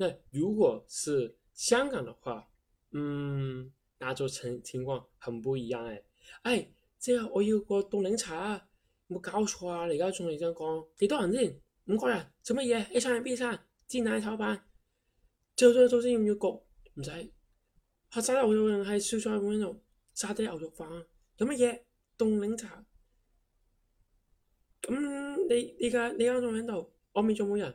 那如果是香港的話，嗯，那就情情況很不一樣誒。哎，即係我要個凍檸茶，冇搞錯啊！在你而家仲想講幾多人先？五個人做乜嘢？A 餐 B 餐，煎奶炒飯，做咗做先要焗，唔使。盒仔牛肉係燒菜碗度，沙爹牛肉飯，有乜嘢凍檸茶？咁你而家你啱仲喺度，我未做冇人。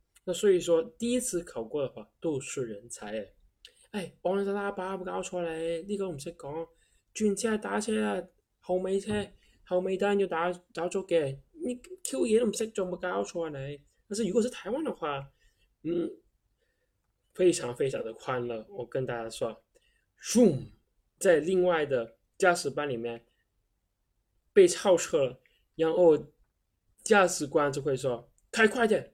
那所以說，第一次考過的話都是人才哎！我們的喇叭不搞錯你，呢、這個唔識講，轉車打車啊，後尾車、嗯、後尾燈又打打錯嘅，你 Q 嘢都唔識，仲唔搞錯你？但是如果是台灣的話，嗯，非常非常的歡樂，我跟大家說，咻，在另外的駕駛班裏面被超車了，然後駕駛官就會說：“開快點。”